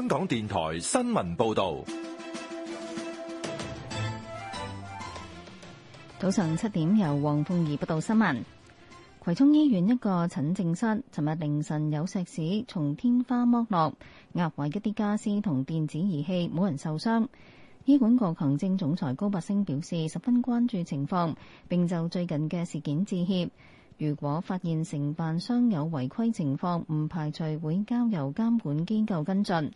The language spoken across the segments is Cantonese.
香港電台新聞報道，早上七點由黃鳳儀報道新聞。葵涌醫院一個診症室，尋日凌晨有石屎從天花剝落，壓壞一啲家私同電子儀器，冇人受傷。醫管局行政總裁高拔陞表示，十分關注情況，並就最近嘅事件致歉。如果發現承辦商有違規情況，唔排除會交由監管機構跟進。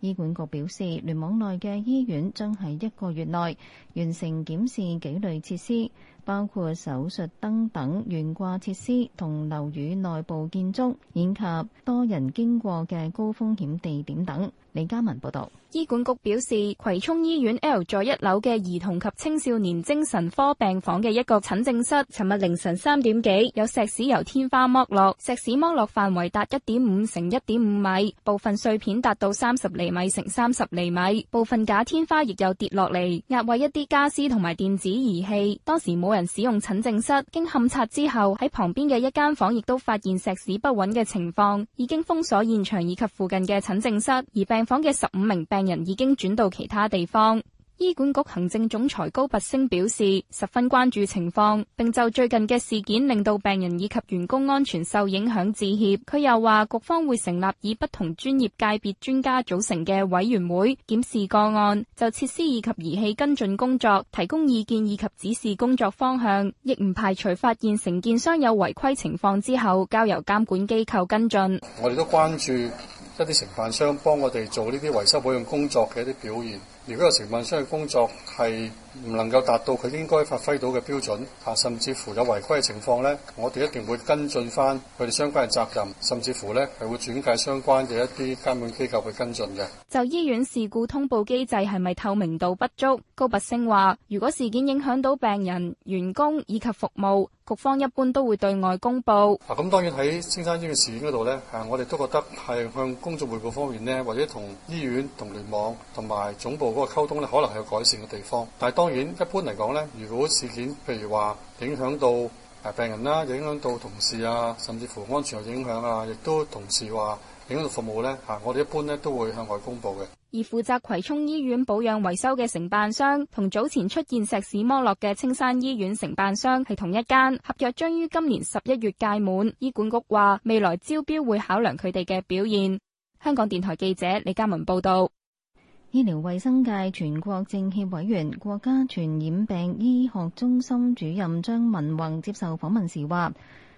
醫管局表示，聯網內嘅醫院將喺一個月內完成檢視幾類設施。包括手術燈等懸掛設施同樓宇內部建築，以及多人經過嘅高風險地點等。李嘉文報道。醫管局表示，葵涌醫院 L 座一樓嘅兒童及青少年精神科病房嘅一個診症室，尋日凌晨三點幾有石屎由天花剝落，石屎剝落範圍達一點五乘一點五米，部分碎片達到三十厘米乘三十厘米，部分假天花亦有跌落嚟，壓壞一啲家私同埋電子儀器。當時冇人。使用診症室，經勘查之後，喺旁邊嘅一間房亦都發現石屎不穩嘅情況，已經封鎖現場以及附近嘅診症室，而病房嘅十五名病人已經轉到其他地方。醫管局行政總裁高拔升表示，十分關注情況，並就最近嘅事件令到病人以及員工安全受影響致歉。佢又話，局方會成立以不同專業界別專家組成嘅委員會，檢視個案，就設施以及儀器跟進工作提供意見以及指示工作方向，亦唔排除發現承建商有違規情況之後交由監管機構跟進。我哋都關注一啲承辦商幫我哋做呢啲維修保養工作嘅一啲表現。如果有成分商嘅工作係，唔能夠達到佢應該發揮到嘅標準，啊甚至乎有違規嘅情況咧，我哋一定會跟進翻佢哋相關嘅責任，甚至乎咧係會轉介相關嘅一啲監管機構去跟進嘅。就醫院事故通報機制係咪透明度不足？高拔陞話，如果事件影響到病人、員工以及服務，局方一般都會對外公布。咁、啊、當然喺青山醫院事件嗰度咧，啊我哋都覺得係向公眾匯報方面咧，或者同醫院、同聯網同埋總部嗰個溝通咧，可能係有改善嘅地方。但係當。一般嚟講呢，如果事件譬如話影響到誒病人啦，影響到同事啊，甚至乎安全有影響啊，亦都同時話影響到服務呢。吓，我哋一般呢都會向外公布嘅。而負責葵涌醫院保養維修嘅承辦商，同早前出現石屎剝落嘅青山醫院承辦商係同一間，合約將於今年十一月屆滿。醫管局話未來招標會考量佢哋嘅表現。香港電台記者李嘉文報道。醫療衛生界全國政協委員、國家傳染病醫學中心主任張文宏接受訪問時話：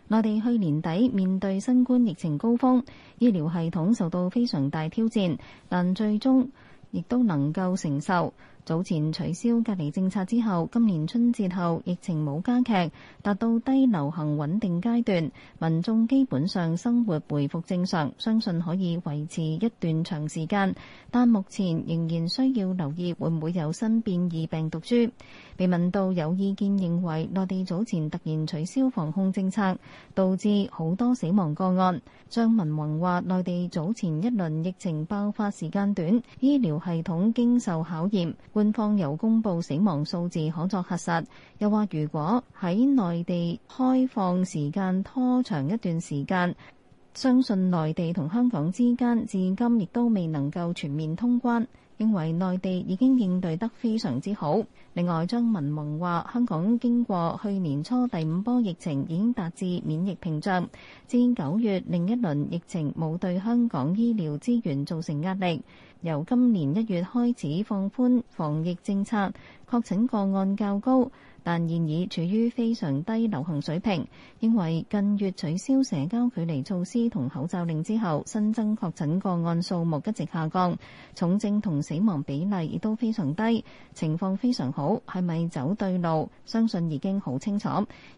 內地去年底面對新冠疫情高峰，醫療系統受到非常大挑戰，但最終亦都能夠承受。早前取消隔離政策之後，今年春節後疫情冇加劇，達到低流行穩定階段，民眾基本上生活回復正常，相信可以維持一段長時間，但目前仍然需要留意會唔會有新變異病毒株。被問到有意見認為內地早前突然取消防控政策，導致好多死亡個案，張文宏話內地早前一輪疫情爆發時間短，醫療系統經受考驗。官方有公布死亡數字可作核實，又話如果喺內地開放時間拖長一段時間，相信內地同香港之間至今亦都未能夠全面通關，認為內地已經應對得非常之好。另外，張文宏話香港經過去年初第五波疫情已經達至免疫屏障，至九月另一輪疫情冇對香港醫療資源造成壓力。由今年一月開始放寬防疫政策，確診個案較高，但現已處於非常低流行水平。認為近月取消社交距離措施同口罩令之後，新增確診個案數目一直下降，重症同死亡比例亦都非常低，情況非常好。係咪走對路？相信已經好清楚。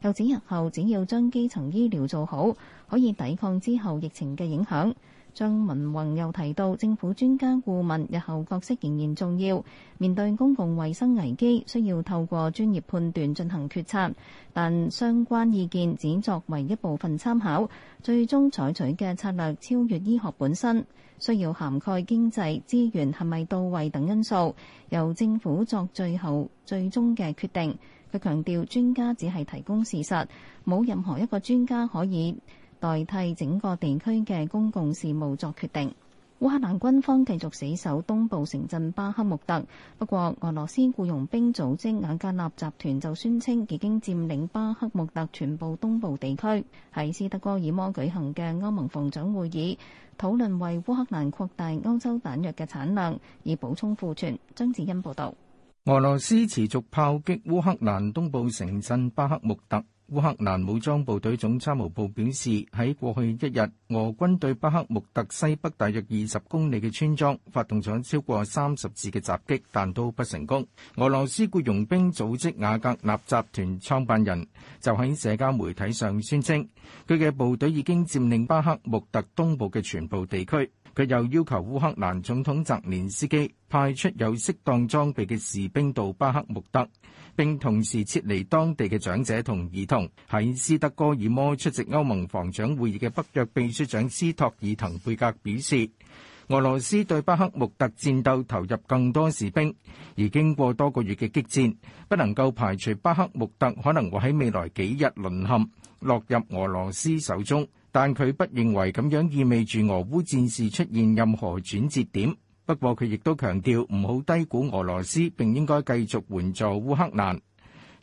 又指日後只要將基層醫療做好，可以抵抗之後疫情嘅影響。張文宏又提到，政府專家顧問日後角色仍然重要，面對公共衛生危機，需要透過專業判斷進行決策，但相關意見只作為一部分參考，最終採取嘅策略超越醫學本身，需要涵蓋經濟、資源係咪到位等因素，由政府作最後最終嘅決定。佢強調，專家只係提供事實，冇任何一個專家可以。代替整個地區嘅公共事務作決定。烏克蘭軍方繼續死守東部城鎮巴克穆特，不過俄羅斯僱傭兵組織瓦格納集團就宣稱已經佔領巴克穆特全部東部地區。喺斯德哥爾摩舉行嘅歐盟防長會議，討論為烏克蘭擴大歐洲彈藥嘅產量以補充庫存。張子欣報導。俄羅斯持續炮擊烏克蘭東部城鎮巴克穆特。烏克蘭武裝部隊總參謀部表示，喺過去一日，俄軍對巴克穆特西北大約二十公里嘅村莊發動咗超過三十次嘅襲擊，但都不成功。俄羅斯僱傭兵組織瓦格納集團創辦人就喺社交媒體上宣稱，佢嘅部隊已經佔領巴克穆特東部嘅全部地區。佢又要求烏克蘭總統澤連斯基派出有適當裝備嘅士兵到巴克穆特，並同時撤離當地嘅長者同兒童。喺斯德哥爾摩出席歐盟防長會議嘅北約秘書長斯托爾滕貝格表示，俄羅斯對巴克穆特戰鬥投入更多士兵，而經過多個月嘅激戰，不能夠排除巴克穆特可能會喺未來幾日淪陷，落入俄羅斯手中。但佢不認為咁樣意味住俄烏戰事出現任何轉折點。不過佢亦都強調唔好低估俄羅斯，並應該繼續援助烏克蘭。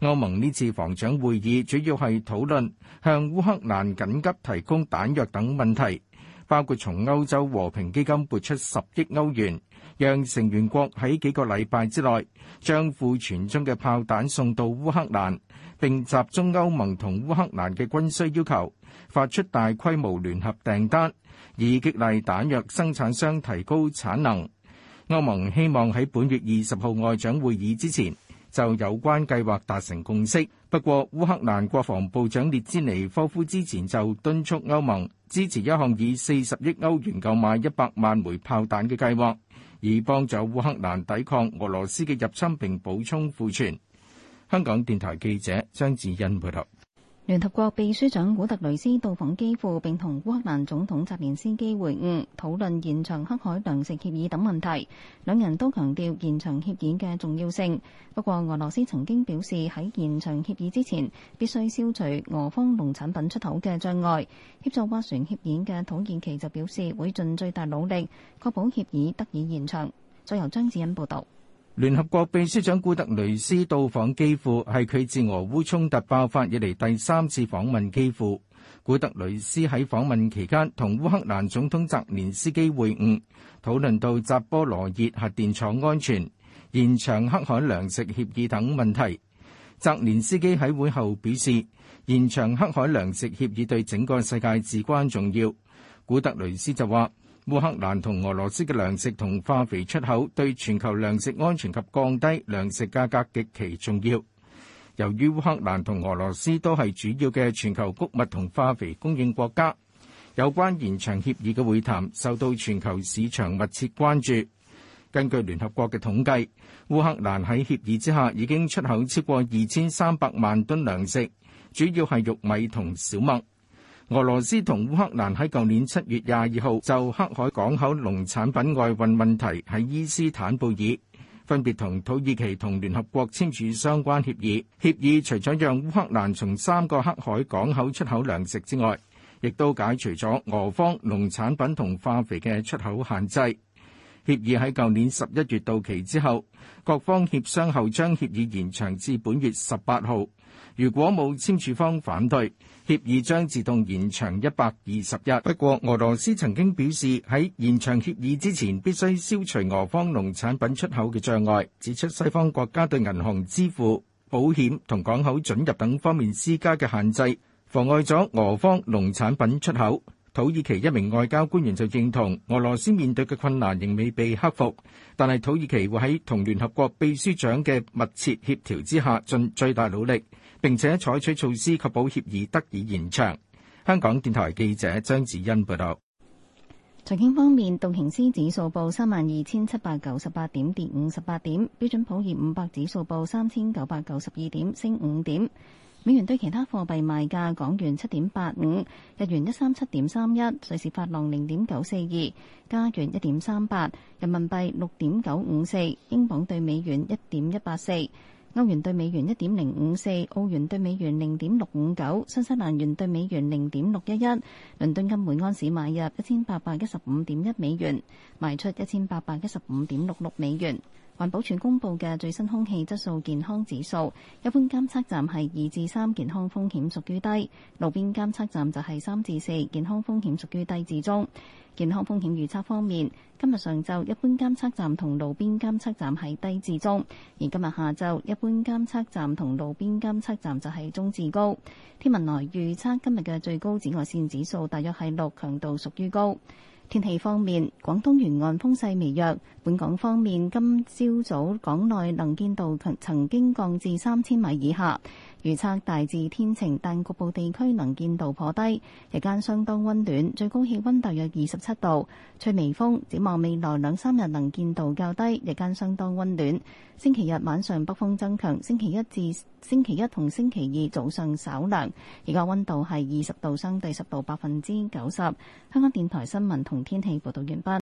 歐盟呢次防長會議主要係討論向烏克蘭緊急提供彈藥等問題，包括從歐洲和平基金撥出十億歐元，讓成員國喺幾個禮拜之內將庫存中嘅炮彈送到烏克蘭。並集中歐盟同烏克蘭嘅軍需要求，發出大規模聯合訂單，以激勵彈藥生產商提高產能。歐盟希望喺本月二十號外長會議之前就有關計劃達成共識。不過，烏克蘭國防部長列茲尼科夫之前就敦促歐盟支持一項以四十億歐元購買一百萬枚炮彈嘅計劃，以幫助烏克蘭抵抗俄羅斯嘅入侵並補充庫存。香港電台記者張子欣報道：聯合國秘書長古特雷斯到訪基輔並同烏克蘭總統澤連斯基會晤，討論延長黑海糧食協議等問題。兩人都強調延長協議嘅重要性。不過，俄羅斯曾經表示喺延長協議之前，必須消除俄方農產品出口嘅障礙。協助斡旋協議嘅土耳其就表示會盡最大努力，確保協議得以延長。再由張子欣報道。聯合國秘書長古特雷斯到訪基輔係佢自俄烏衝突爆發以嚟第三次訪問基輔。古特雷斯喺訪問期間同烏克蘭總統澤連斯基會晤，討論到扎波羅熱核電廠安全、延長黑海糧食協議等問題。澤連斯基喺會後表示，延長黑海糧食協議對整個世界至關重要。古特雷斯就話：烏克蘭同俄羅斯嘅糧食同化肥出口對全球糧食安全及降低糧食價格極其重要。由於烏克蘭同俄羅斯都係主要嘅全球穀物同化肥供應國家，有關延長協議嘅會談受到全球市場密切關注。根據聯合國嘅統計，烏克蘭喺協議之下已經出口超過二千三百萬噸糧食，主要係玉米同小麥。俄羅斯同烏克蘭喺舊年七月廿二號就黑海港口農產品外運問題喺伊斯坦布爾，分別同土耳其同聯合國簽署相關協議。協議除咗讓烏克蘭從三個黑海港口出口糧食之外，亦都解除咗俄方農產品同化肥嘅出口限制。協議喺舊年十一月到期之後，各方協商後將協議延長至本月十八號。如果冇簽署方反對，協議將自動延長一百二十日。不過，俄羅斯曾經表示喺延長協議之前，必須消除俄方農產品出口嘅障礙，指出西方國家對銀行支付、保險同港口准入等方面施加嘅限制，妨礙咗俄方農產品出口。土耳其一名外交官員就認同，俄羅斯面對嘅困難仍未被克服，但係土耳其會喺同聯合國秘書長嘅密切協調之下，盡最大努力。並且採取措施確保協議得以延長。香港電台記者張子欣報道：財經方面，道瓊斯指數報三萬二千七百九十八點，跌五十八點；標準普爾五百指數報三千九百九十二點，升五點。美元對其他貨幣賣價：港元七點八五，日元一三七點三一，瑞士法郎零點九四二，加元一點三八，人民幣六點九五四，英鎊對美元一點一八四。歐元兌美元一點零五四，澳元兌美元零點六五九，新西蘭元兌美元零點六一一，倫敦金每安士買入一千八百一十五點一美元，賣出一千八百一十五點六六美元。環保署公布嘅最新空氣質素健康指數，一般監測站係二至三，健康風險屬於低；路邊監測站就係三至四，健康風險屬於低至中。健康風險預測方面，今日上晝一般監測站同路邊監測站係低至中，而今日下晝一般監測站同路邊監測站就係中至高。天文台預測今日嘅最高紫外線指數大約係六，強度屬於高。天氣方面，廣東沿岸風勢微弱。本港方面，今朝早港內能見度曾經降至三千米以下。預測大致天晴，但局部地區能見度頗低。日間相當溫暖，最高氣溫大約二十七度，吹微風。展望未來兩三日能見度較低，日間相當溫暖。星期日晚上北風增強，星期一至星期一同星期二早上稍涼。而家溫度係二十度，相對濕度90，百分之九十。香港電台新聞同天氣報道完畢。